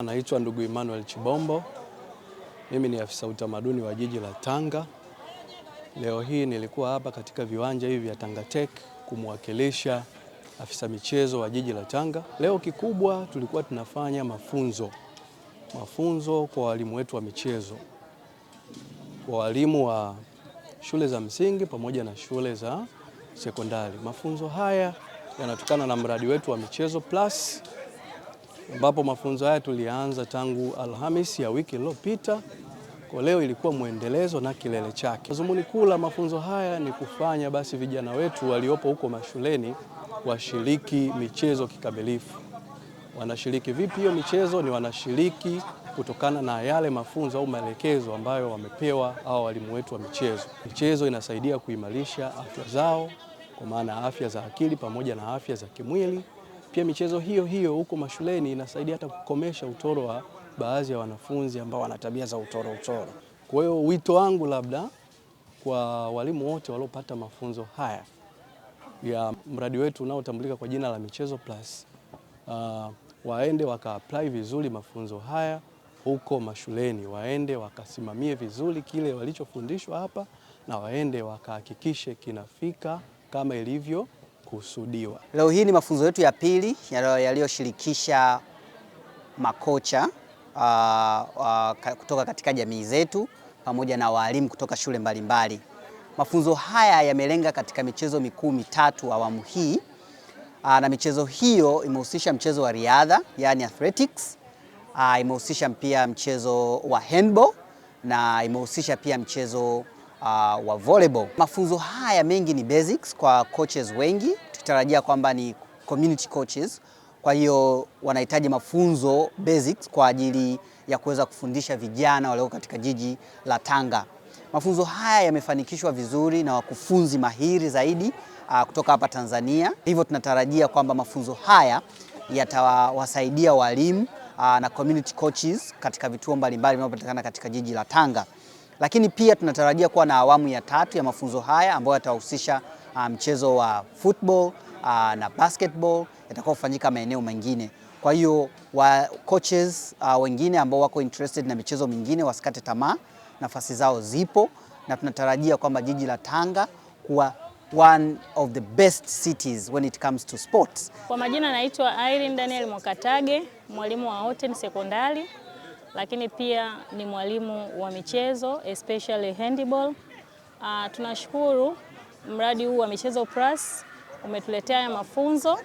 Anaitwa ndugu Emmanuel Chibombo. Mimi ni afisa utamaduni wa jiji la Tanga. Leo hii nilikuwa hapa katika viwanja hivi vya Tanga Tech kumwakilisha afisa michezo wa jiji la Tanga. Leo kikubwa tulikuwa tunafanya mafunzo, mafunzo kwa walimu wetu wa michezo, kwa walimu wa shule za msingi pamoja na shule za sekondari. Mafunzo haya yanatokana na mradi wetu wa michezo plus ambapo mafunzo haya tulianza tangu Alhamis ya wiki iliyopita. Kwa leo ilikuwa mwendelezo na kilele chake. Dhumuni kuu la mafunzo haya ni kufanya basi vijana wetu waliopo huko mashuleni washiriki michezo kikamilifu. Wanashiriki vipi hiyo michezo? Ni wanashiriki kutokana na yale mafunzo au maelekezo ambayo wamepewa au walimu wetu wa michezo. Michezo inasaidia kuimarisha afya zao, kwa maana afya za akili pamoja na afya za kimwili. Pia michezo hiyo hiyo huko mashuleni inasaidia hata kukomesha utoro wa baadhi ya wanafunzi ambao wana tabia za utoro utoro. Kwa hiyo wito wangu labda kwa walimu wote waliopata mafunzo haya ya mradi wetu unaotambulika kwa jina la Michezo Plus, uh, waende apply vizuri mafunzo haya huko mashuleni, waende wakasimamie vizuri kile walichofundishwa hapa na waende wakahakikishe kinafika kama ilivyo kusudiwa. Leo hii ni mafunzo yetu ya pili yaliyoshirikisha makocha uh, uh, kutoka katika jamii zetu pamoja na walimu kutoka shule mbalimbali mbali. Mafunzo haya yamelenga katika michezo mikuu mitatu awamu hii uh, na michezo hiyo imehusisha mchezo wa riadha yani athletics uh, imehusisha pia mchezo wa handball na imehusisha pia mchezo uh, wa volleyball. Mafunzo haya mengi ni basics kwa coaches wengi, tukitarajia kwamba ni community coaches, kwa hiyo wanahitaji mafunzo basics kwa ajili ya kuweza kufundisha vijana walioko katika jiji la Tanga. Mafunzo haya yamefanikishwa vizuri na wakufunzi mahiri zaidi uh, kutoka hapa Tanzania. Hivyo tunatarajia kwamba mafunzo haya yatawasaidia walimu uh, na community coaches katika vituo mbalimbali vinavyopatikana katika jiji la Tanga. Lakini pia tunatarajia kuwa na awamu ya tatu ya mafunzo haya ambayo yatahusisha ah, mchezo um, wa football uh, na basketball kufanyika maeneo mengine. Kwa hiyo wa coaches uh, wengine ambao wako interested na michezo mingine wasikate tamaa, nafasi zao zipo na tunatarajia kwamba jiji la Tanga kuwa one of the best cities when it comes to sports. Kwa majina naitwa Irene Daniel Mokatage, mwalimu wa Oten Sekondari lakini pia ni mwalimu wa michezo especially handball. Uh, tunashukuru mradi huu wa Michezo Plus umetuletea haya mafunzo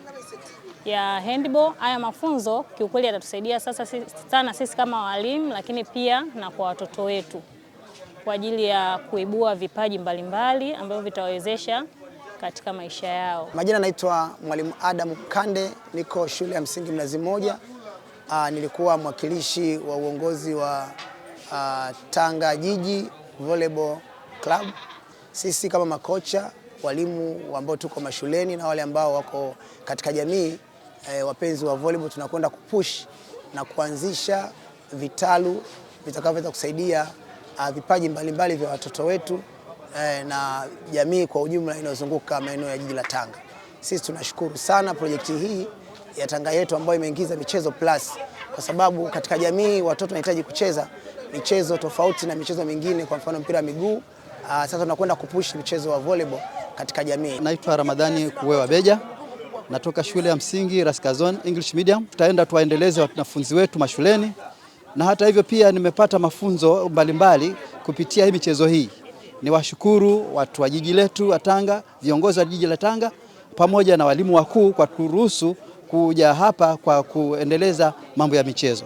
ya handball. Haya mafunzo kiukweli yatatusaidia sasa sana sisi kama walimu, lakini pia na kwa watoto wetu kwa ajili ya kuibua vipaji mbalimbali ambavyo vitawawezesha katika maisha yao. Majina naitwa Mwalimu Adam Kande, niko shule ya msingi Mnazi Mmoja. Uh, nilikuwa mwakilishi wa uongozi wa uh, Tanga Jiji Volleyball Club. Sisi kama makocha, walimu ambao tuko mashuleni na wale ambao wako katika jamii eh, wapenzi wa volleyball, tunakwenda kupush na kuanzisha vitalu vitakavyoweza kusaidia uh, vipaji mbalimbali vya watoto wetu eh, na jamii kwa ujumla inayozunguka maeneo ya jiji la Tanga. Sisi tunashukuru sana projekti hii ya Tanga yetu ambayo imeingiza michezo plus, kwa sababu katika jamii watoto wanahitaji kucheza michezo tofauti na michezo mingine, kwa mfano mpira wa miguu. Ah, sasa tunakwenda kupush mchezo wa volleyball katika jamii. Naitwa Ramadhani Kuwewa Beja, natoka shule ya msingi Raskazon English Medium. Tutaenda tuwaendeleze wanafunzi wetu mashuleni, na hata hivyo pia nimepata mafunzo mbalimbali mbali kupitia hii michezo hii. Ni washukuru watu wa jiji letu wa Tanga, viongozi wa jiji la Tanga pamoja na walimu wakuu kwa kuruhusu kuja hapa kwa kuendeleza mambo ya michezo.